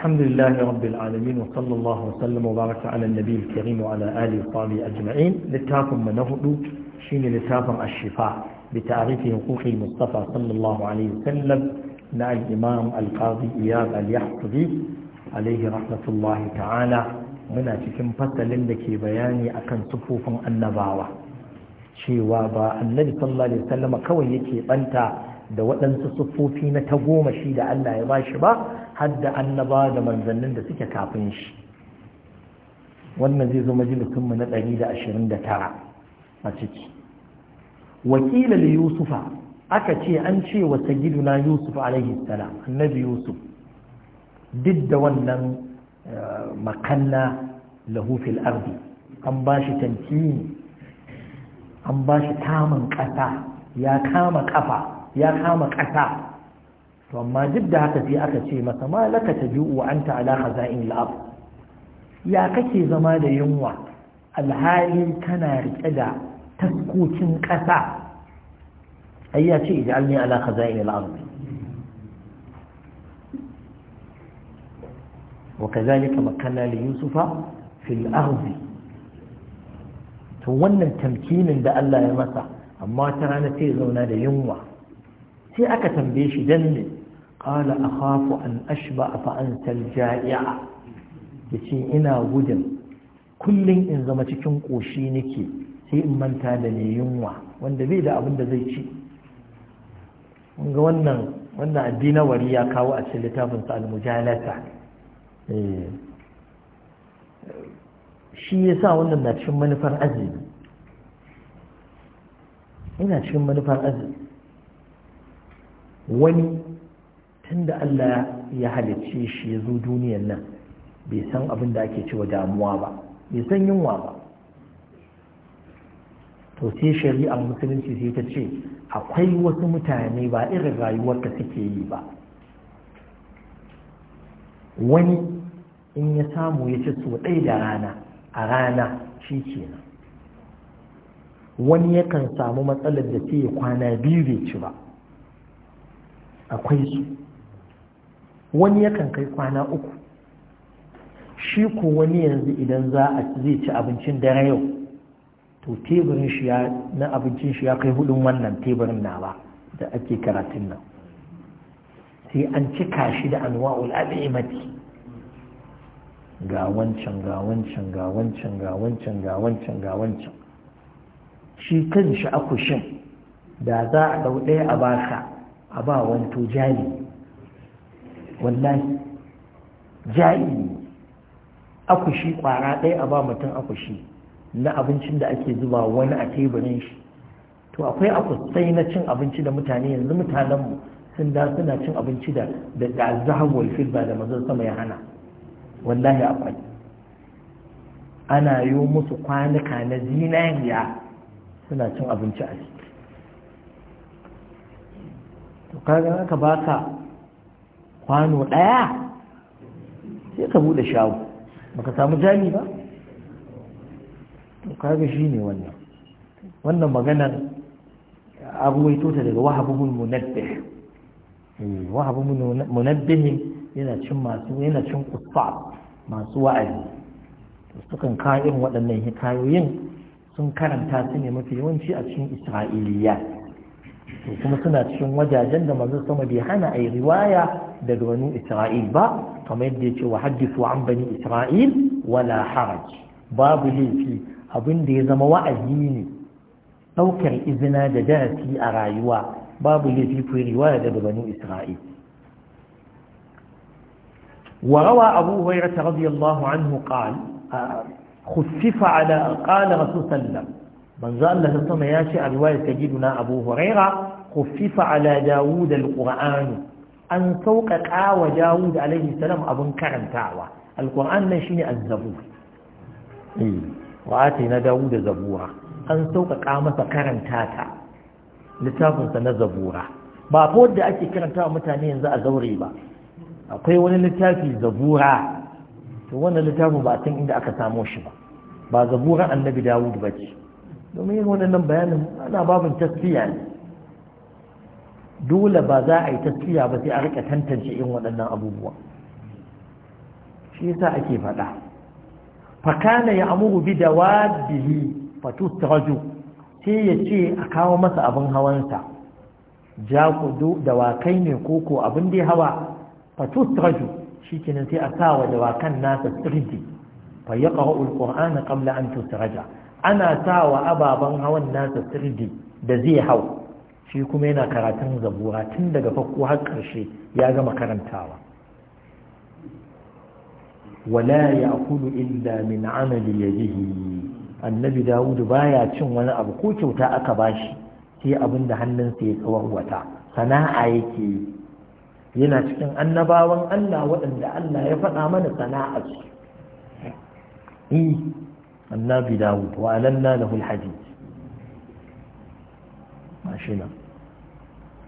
الحمد لله رب العالمين وصلى الله وسلم وبارك على النبي الكريم وعلى آله وصحبه أجمعين لتافم من أهدو شين لتافم الشفاء بتعريف حقوق المصطفى صلى الله عليه وسلم مع الإمام القاضي إياب اليحصبي عليه رحمة الله تعالى muna cikin fasalin da ke bayani akan sufufin annabawa cewa ba annabi sallallahu alaihi wasallam kawai yake banta da waɗansu sufufi na ta goma shi da Allah ya bashi ba hadda annaba da manzannin da suke kafin shi wannan zai zo majalisunmu na 129 a ciki wakila li yusufa aka ce an ce wa giduna yusuf alaihi salam annabi yusuf duk da wannan eh, makanna lahufil arzi ardi an ba shi tantini an ba shi kamun ƙasa ya kama ƙafa ya kama ƙasa to amma duk da haka sai aka ce masa ma laka taju'u anta ala khaza'in al-ard ya kake zama da yunwa alhali kana rike da taskokin ƙasa ai ya ce ij'alni ala khaza'in al-ard وكذلك مكنا ليوسف في الأرض to wannan tamkinin da Allah ya masa amma ta rana sai zauna da yunwa sai aka tambaye shi dan قال أخاف أن أشبع فأنت الجائع yace ina gudun kullum in zama cikin ƙoshi nake sai in manta da ne yunwa wanda bai da abin da zai ci ga wannan wannan addina wari ya kawo a cikin littafin sa al-mujalata eh. shi yasa wannan na cikin manufar azumi ina cikin manufar azumi wani tunda Allah ya halicce shi ya zo duniyan nan bai san abin da ake cewa damuwa ba bai san yunwa ba to sai shari'ar musulunci sai ta ce akwai wasu mutane ba irin rayuwar da suke yi ba wani in ya samu ya ci so ɗaya da rana a rana shi kenan wani yakan samu matsalar da ke ya kwana biyu bai ci ba akwai su wani yakan kai kwana uku shi ko wani yanzu idan za a zai ci abincin dare yau to teburin shi ya na abincin shi ya kai hudun wannan teburin nawa da ake karatun nan sai an cika shi da anwa'ul al'imati ga wancan ga wancan ga wancan ga wancan ga wancan ga wancan shi kan shi akushin da za a dau ɗaya a baka a ba wani to wallahi aku akushi kwara ɗaya a ba mutum akushi na abincin da ake zuba wani a teburin shi to akwai akusai na cin abinci da mutane yanzu mutanenmu sun da suna cin abinci da da zahabul filba da mazan sama ya hana wallahi akwai ana yi musu kwanuka na zinariya suna cin abinci a ciki to kaga aka baka kwano ɗaya sai ka buɗe shago baka samu jami ba to kaga shi ne wannan wannan maganar abuwaito tota daga wahabubun munabbih eh, wahabubun munabbih yana cin masu yana cin kufa masu wa'azi sukan kayan waɗannan hikayoyin sun karanta su ne mafi yawanci a cikin isra'iliya to kuma suna cikin wajajen da manzo sama bai hana yi riwaya daga banu isra'il ba kamar yadda ya ce wa hadithu an bani isra'il wala haraj babu laifi abin da ya zama wa'azi ne ɗaukar izina da darasi a rayuwa babu laifi ku riwaya daga banu isra'il وروى أبو هريرة رضي الله عنه قال خفف على قال رسول الله manzo Allah ta ya ce a riwayar na abu huraira khuffifa ala dawud alquran an sauƙaƙa wa dawud alaihi salam abin karantawa alquran nan shine azzabur eh na atina da zabura an sauƙaƙa masa karanta ta littafinsa na zabura ba ko da ake karanta mutane yanzu a zaure ba akwai wani littafi zabura to wannan littafin ba san inda aka samo shi ba ba zaburan annabi dawud ba ce domin yin wannan bayanin ana babin tasfiya ne dole ba za a yi tasfiya ba sai a rika tantance irin waɗannan abubuwa shi yasa ake faɗa fakana ya amuru bi da wadihi fatustraju sai ya ce a kawo masa abin hawansa ja ku dawakai ne koko abin dai hawa fatustraju shi kenan sai a sa wa dawakan nasa sirdi fa ya ƙara'ul ƙur'ana ƙamla an tusraja ana sa wa ababen hawan nasa sirdi da zai hau shi kuma yana karatun zabura tun daga farko har ƙarshe ya gama karantawa wala ya Kulu illa min amali yadihi annabi dawudu baya cin wani abu ko kyauta aka bashi sai abin da hannunsa ya wata sana'a yake yana cikin annabawan Allah waɗanda Allah ya faɗa mana sana'a. su annabi dawud wa alanna lahu alhadid mashina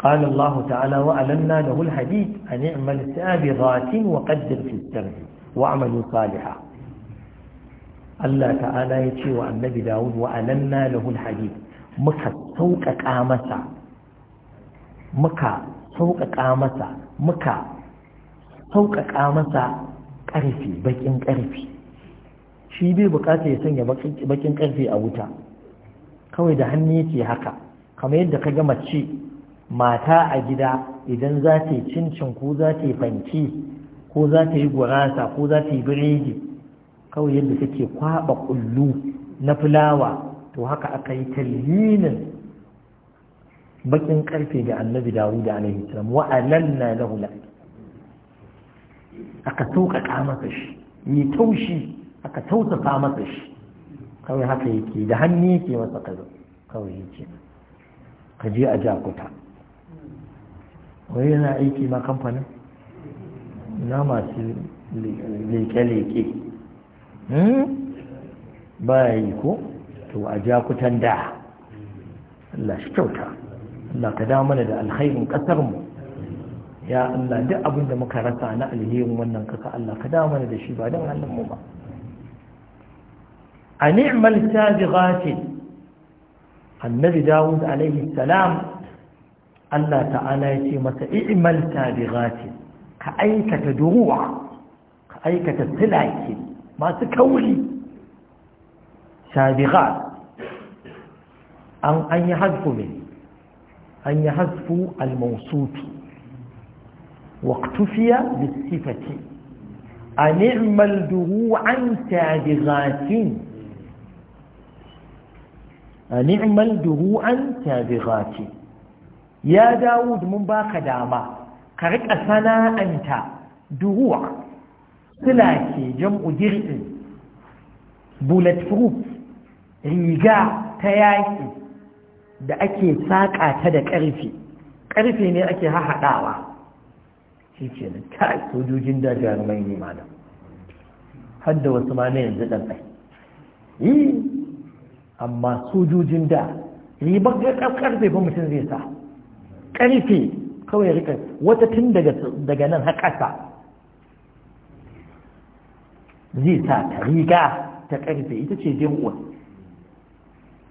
allah ta'ala wa alanna lahu alhadid an i'mal sabiratin wa qaddir fi at-tarb allah ta'ala yace wa annabi dawud wa alanna lahu muka sauƙaƙa masa muka sauƙaƙa masa ƙarfi bakin ƙarfi shi bai bukata ya sanya bakin karfe a wuta kawai da hannu yake haka kamar yadda ka gama mace mata a gida idan za ta yi cincin ko za ta yi fanki ko za ta yi gurasa ko za ta yi biredi kawai yadda take kwaba kullu na fulawa to haka aka yi tallinin bakin karfe ga annabi dawud alaihi salam wa alanna lahu aka sauƙaƙa masa shi yi taushi aka tausasa masa shi kawai haka yake da hannu yake masa kazo kawai yake ka je a jakuta wai yana aiki ma kamfanin na masu leke-leke hmm? ba ya yi ko to a jakutan da Allah shi kyauta Allah ka da mana da alkhairin ƙasarmu ya Allah duk abin da muka rasa na alherin wannan ƙasa Allah ka da mana da shi ba don hannun mu ba أن اعمل سابغات النبي داود عليه السلام الله تعالى يتي اعمل سابغات كأيكة دروع كأيكة سلاك ما تكولي سابغات أن يحذف منه أن يحذف الموصوف واقتفي بالصفة أن اعمل دروعا سابغات ni'mal duru'an tabighati ya Dawud mun baka dama ka rika sana'anta duru'a sila ke jam'u dir'in proof riga ta yaki da ake saƙa ta da ƙarfe ƙarfe ne ake hahaɗawa shi ke nan ta sojojin da jarumai ne ma da hadda wasu ma na yanzu ɗan ɗai amma sojojin da ribar karfe ba mutum zai sa karfe kawai rika wata tun daga nan har ƙasa zai sa ta riga ta karfe ita ce jin'uwa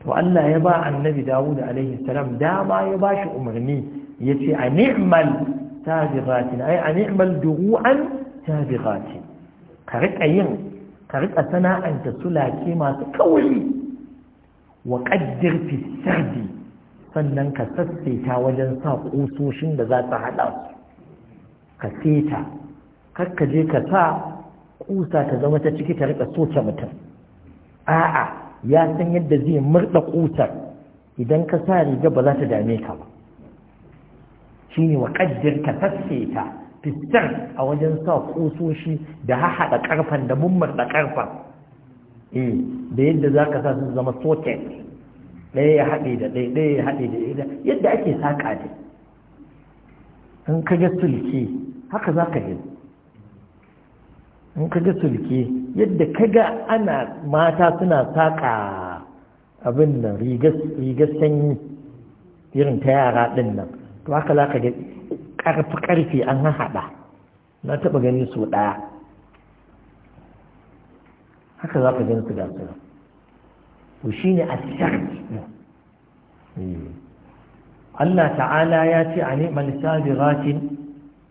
to Allah ya ba annabi Dawud alaihi salam dama ya ba shi umarni ya ce a ni'mal sabiratin ai a ni'mal duru'an sabiratin ka rika yin ka rika sana'anta sulake masu kawai wa qaddir sannan ka sassaita wajen sa ƙusoshin da za ta haɗa su ka seta kakka je ka sa ƙusa ta zama ta ciki ta rika soke mutum a'a ya san yadda zai murda ƙusar idan ka sa riga ba za ta dame ka ba shine wa qaddir ka sassaita fistar a wajen sa ƙusoshi da haɗa ƙarfen da mummurda ƙarfen da yadda za ka sa su zama socket ɗaya ya haɗe da ɗaya ɗaya ya haɗe da ɗaya yadda ake saƙa ne in ka ga sulke haka za ka yi in ka ga sulke yadda ka ga ana mata suna saƙa abin nan rigar sanyi irin ta yara ɗin nan to haka za ka ga ƙarfi ƙarfi an haɗa na taɓa gani su ɗaya haka za ka gan su ga su to shi ne a Allah ta'ala ya ce a ni'mal sabiratin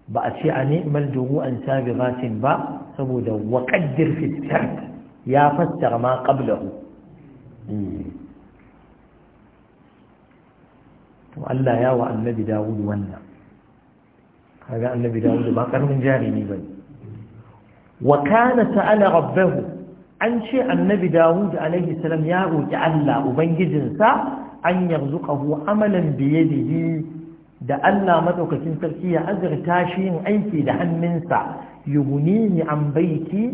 ba a ce a ni'mal duru'an sabiratin ba saboda wa qaddir fi ya fassara ma qablahu to Allah ya wa annabi Dawud wannan kaga annabi Dawud ba karamin jarumi bane wa kana ta'ala rabbahu an ce annabi dawud alaihi salam ya roƙi allah ubangijinsa an yarzuqahu amalan biyadihi da allah madaukakin sarki ya azurta shi yin aiki da hannunsa yughnini an baiti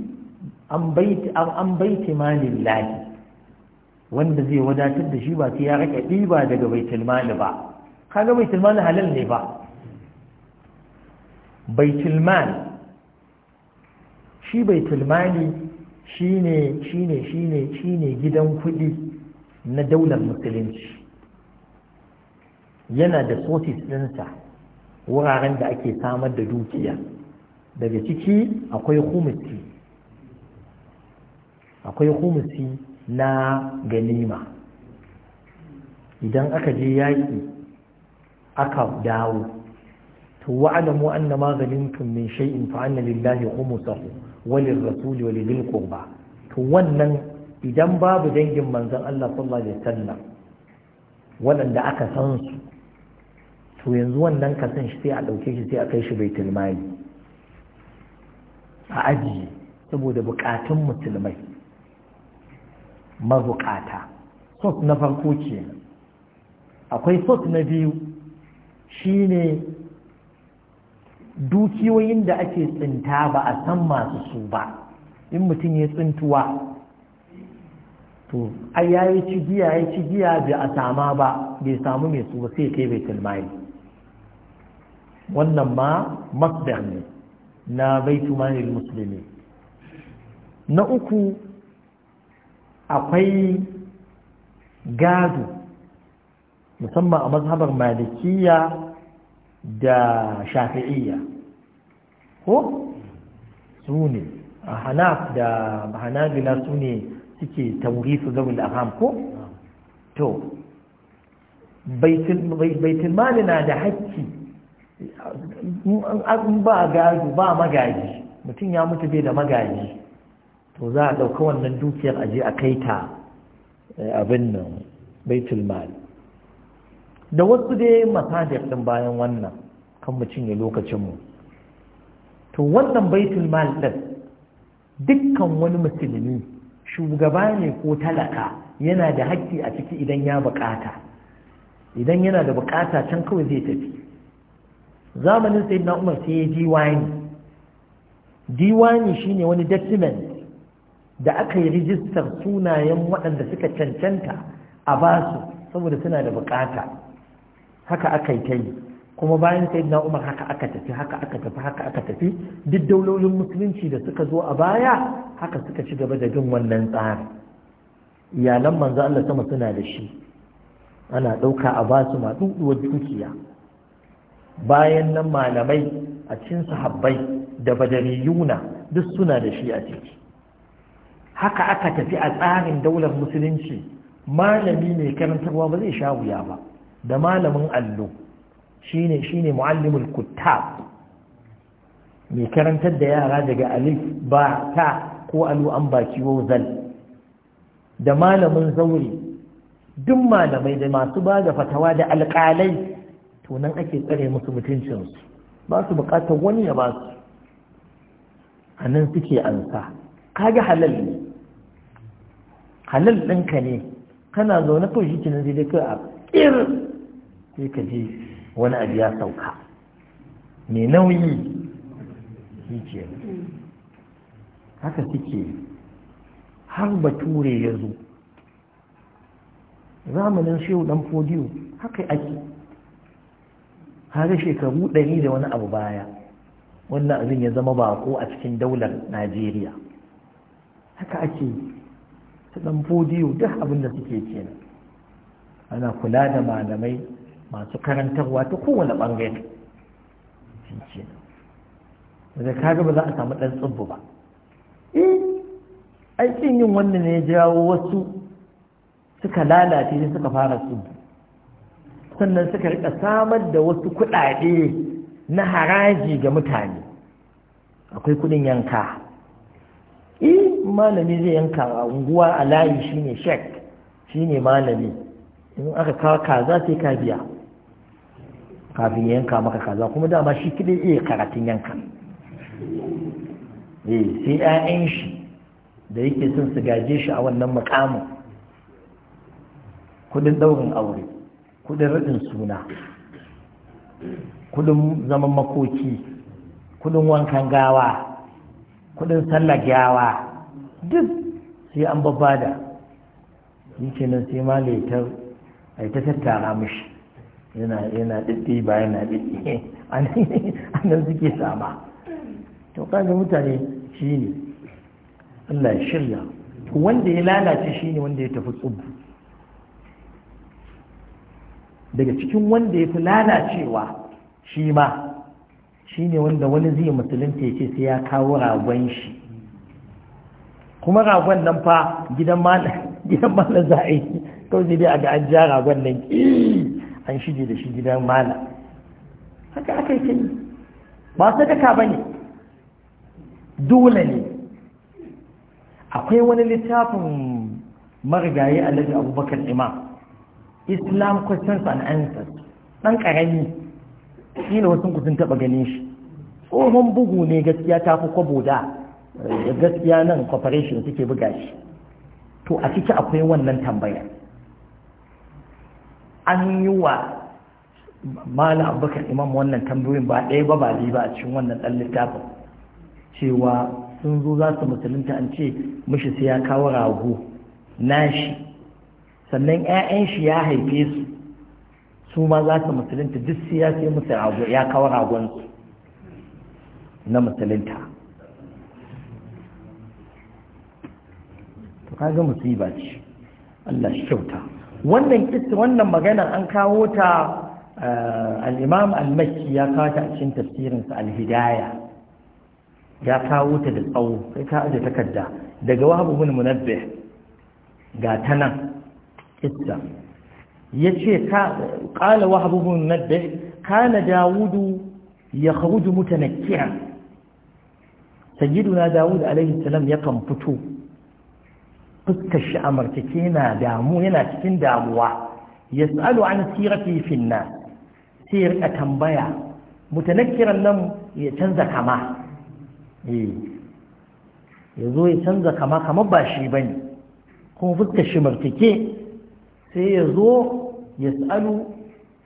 an baiti an baiti wanda zai wadatar da shi ba sai ya rike ɗiba daga baitul mali ba kaga baitul mali halal ne ba baitul mali shi baitul mali shine shine shine shine gidan kudi na daular musulunci yana da sources ɗinsa wuraren da ake samar da dukiya daga ciki akwai humusi akwai humusi na ganima idan aka je yaƙi aka dawo to wa'adamu annama ganimtum min shay'in fa anna lillahi khumsahu walin rasuli walin qurba to wannan idan babu dangin manzon Allah sallallahu alaihi wasallam waɗanda aka san su to yanzu wannan ka san shi sai a ɗauke shi sai a kai shi baitul mali a aji saboda bukatun musulmai mabukata sos na farko kenan akwai sos na biyu shine dukiyoyin da ake tsinta ba a san masu su ba in mutum ya tsintuwa to ai ya yi cigiya ya cigiya bai a sama ba bai samu mai su ba sai kai bai tilmai wannan ma masdar ne na baitu manil musulmi na uku akwai gado musamman a mazhabar malikiya da shafi'iyya ko su hanaf da hanabila su ne suke taurisu zaul aham ko to baitul mali na da hakki in ba gado ba magaji mutum ya mutu bai da magaji to za a ɗauka wannan dukiyar aje a kai ta eh, abin nan baitul mali da wasu dai masajir ɗin bayan wannan kan mu cinye lokacinmu to wannan baitul mal ɗin dukkan wani musulmi shugaba ne ko talaka yana da haƙƙi a ciki idan ya buƙata idan yana da buƙata can kawai zai tafi zamanin sai na umar sai ya diwani diwani shine wani document da aka yi rijistar tunayen waɗanda suka cancanta a basu saboda suna da buƙata haka aka yi ta yi kuma bayan sai na umar haka aka tafi haka aka tafi haka aka tafi duk daulolin musulunci da suka zo a baya haka suka ci gaba da bin wannan tsari iyalan manzo Allah sama suna da shi ana ɗauka a ba su maɗuɗuwar dukiya bayan nan malamai a cikin sahabbai da badariyuna duk suna da shi a ciki haka aka tafi a tsarin daular musulunci malami mai karantarwa ba zai sha wuya ba da malamin allo shine ne muallimul mai karantar da yara daga alif ba ta ko allo an baki zal da malamin zauri duk malamai da masu ba da fatawa da alƙalai to nan ake tsare musu mutuncinsu ba su buƙatar wani ya ba su a nan suke ansa kaga halal ne halal ɗinka ne kana zaune kawai shi kinin zai kai a ƙirin sai ka ji wani abu ya sauka mai nauyi shi ke haka suke har bature ya zo zamanin shehu dan fodiyo haka ake har shekaru ɗari da wani abu baya wannan abin ya zama bako a cikin daular najeriya haka ake ta dan fodiyo duk abin da suke kenan ana kula da malamai masu karantarwa ta kowane ɓangare da kaga ba za a samu ɗan tsibbu ba E! Eh, aikin yin wannan ne ya jawo wasu suka lalace sai suka fara tsibbu sannan suka rika samar da wasu kuɗaɗe na haraji ga mutane akwai kuɗin yanka eh malami zai yanka a unguwa a layi shine shek shine malami in aka kawo kaza sai ka biya kafin ya yanka maka kaza kuma dama shi kiɗi iya karatun yanka eh sai 'ya'yan shi da yake son su gaje shi a wannan mukamin kudin ɗaurin aure kudin raɗin suna kudin zaman makoki kudin wankan gawa kudin sallar gawa duk sai an babbada yake nan sai ma laitar a ta tattara mishi yana yana diddi ba yana a nan suke sama to kaga mutane shi ne Allah ya shirya wanda ya lalace shi ne wanda ya tafi tsubu daga cikin wanda ya fi lalacewa shi ma shi ne wanda wani zai musulunta ya ce sai ya kawo ragon shi kuma ragon nan fa gidan malar za a yi kawai dai a ga an ja ragon nan ƙi an shige da shi gidan mala haka aka yi kai ba sadaka ba ne dole ne akwai wani littafin marigayi lafi abubakar imam islam questions and answers ɗan ƙarami shi ne wasu kusan taɓa ganin shi tsohon bugu ne gaskiya ta fi kwabo da eh, gaskiya nan corporation suke buga shi to a ciki akwai wannan tambayar an yi wa mala abubakar imam wannan tambayoyin ba ɗaya ba ba ba a cikin wannan ɗan littafin cewa sun zo za su musulunta an ce mishi sai ya kawo rago nashi sannan 'ya'yan shi ya haife su su ma za su musulunta duk sai ya sai musu rago ya kawo ragon su na musulunta to kaga musiba ce Allah shi kyauta wannan kissa wannan magana an kawo ta eh, al-imam al-makki ya kawo ta a cikin tafsirinsa al-hidaya ya kawo ta da tsawo sai ka aje takarda daga wahabu bin munabbih ga ta nan kissa yace ka qala wahabu bin munabbih kana dawudu ya yakhruju mutanakki'an sayyiduna dawud alayhi salam yakan fito fuskar shi a martake yana damu yana cikin damuwa ya tsalo an sirati finna sai ya rika tambaya mutanakkiran nan ya canza kama eh. ya zo ya canza kama kama ba shi ba ne kuma fuskar shi martake sai ya zo ya tsalo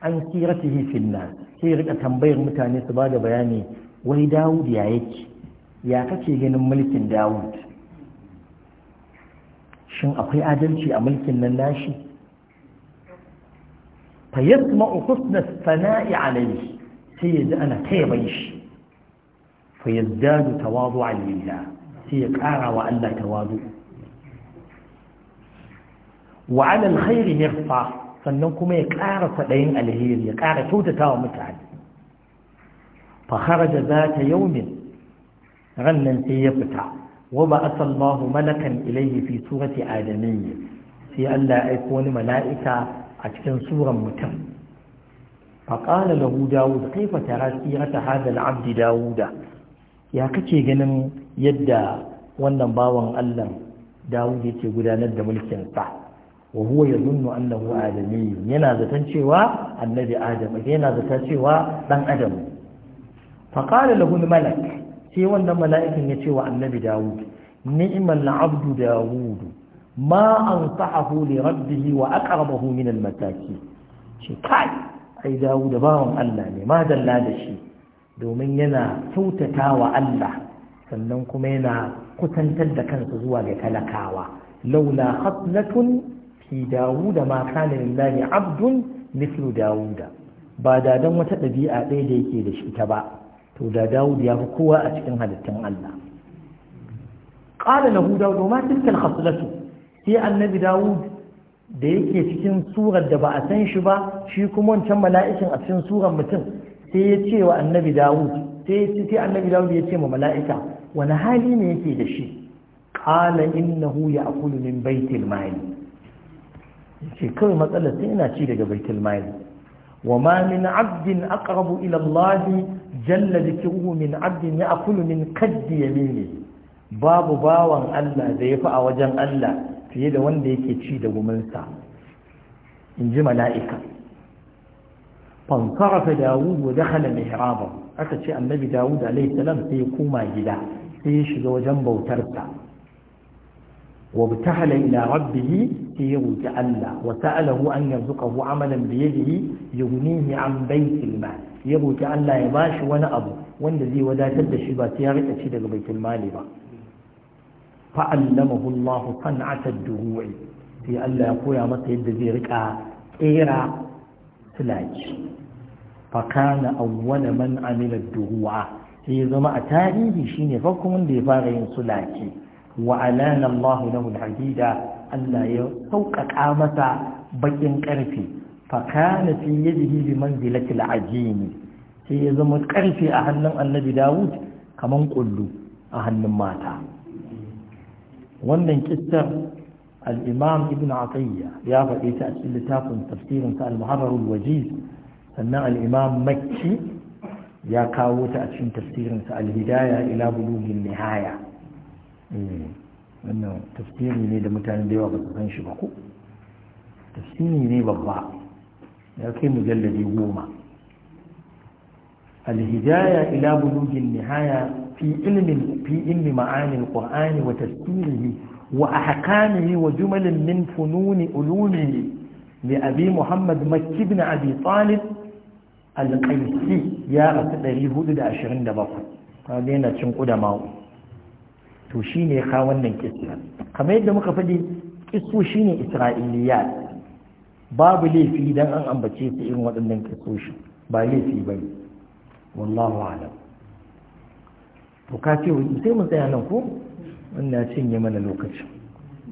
an sirati finna sai ya rika tambayar mutane su ba da bayani wai dawud ya yake ya kake ganin mulkin dawud shin akwai adalci a mulkin nan nashi fa yasma'u husna sana'i alayhi sai yaji ana tayyaban shi fa yazdadu tawadu'a lillah sai ya kara wa Allah tawadu wa 'ala alkhair yarfa sannan kuma ya kara kwadayin alheri ya kara kyautatawa mutane fa kharaja zata yawmin rannan sai ya fita wa asallahu malakan ilayhi fi surati adamiyya sai Allah ya aiko wani mala'ika a cikin suran mutum فقال له داود كيف ترى سيرة هذا العبد داود Ya كتي ganin yadda wannan bawan Allah Dawud yake gudanar da mulkin sa wa huwa yadhunnu annahu adami yana zaton cewa annabi adam yana zaton cewa dan adam fa qala lahu malak sai wannan mala'ikin ya ce wa annabi dawud ni'mal abdu dawud ma ansahu li rabbihi wa aqrabahu min al mataki ce kai ai dawud bawan Allah ne ma dalla da shi domin yana kyautata wa Allah sannan kuma yana kusantar da kansa zuwa ga talakawa laula khatlatun fi dawud ma kana lillahi abdun mithlu dawuda ba da dan wata ɗabi'a ɗaya da yake da shi ta ba to da dawud ya fi kowa a cikin halittun Allah qala lahu dawud ma tilka al-khaslatu sai annabi dawud da yake cikin surar da ba a san shi ba shi kuma wancan mala'ikin a cikin surar mutum sai ya ce wa annabi dawud sai ya ce sai annabi dawud ya ce ma mala'ika wani hali ne yake da shi qala innahu ya'kulu min baitil mali yace kawai matsalar sai ina ci daga baitul mali وما من عبد أقرب إلى الله جل ذكره من عبد يأكل من كد يمينه باب باوان ألا زيفا وجن ألا في يد وان ديكي تشيد ومنسى إنجي ملائكة فانصرف داود ودخل محرابه aka ce annabi dawud alaihi salam sai ya koma gida sai ya shiga wajen bautarsa وابتهل إلى ربه يرجع الله وسأله أن يرزقه عملا بيده يغنيه عن بيت المال يرجع الله يباش وانا أبو والذي ولا تد شبا سيارة شد بيت المال با فعلمه الله صنعة الدروع في الله يقول يا متى الذي ركع إيرا سلاج فكان أول من عمل الدروع في زماء تاريخي شيني فكم اللي فارين سلاجي wa alana Allah lahu al Allah ya sauƙaƙa masa baƙin ƙarfe fa kana fi yadihi bi manzilati al-ajini sai ya zama ƙarfe a hannun Annabi Dawud kamar kullu a hannun mata wannan kissar al-Imam Ibn Atiyya ya faɗe a cikin littafin tafsirin al-Muharrar al sannan al-Imam Makki ya kawo ta a cikin tafsirin al-Hidaya ila bulughil nihaya Eh, wannan tafsiri ne da mutane da yawa ba su san shi ba ko tafsiri ne babba ya kai mujallabi goma alhijaya ila bulugin nihaya fi ilmin fi ilmi ma'anil ƙur'ani wa tafsirihi wa ahkamihi wa jumalin min fununi mai li abi muhammad makki ibn abi talib al-qaisi ya 427 ka daina cin kuda mawu to shine ka wannan kissa kamar yadda muka faɗi kissu shine isra'iliya babu laifi idan an ambace su irin waɗannan kissoshi ba laifi ba ne wallahu alam to ka ce wani sai mun tsaya nan ko ina cinye mana lokacin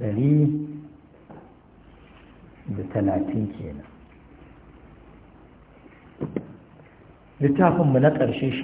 ɗari da talatin kenan littafinmu na ƙarshe shi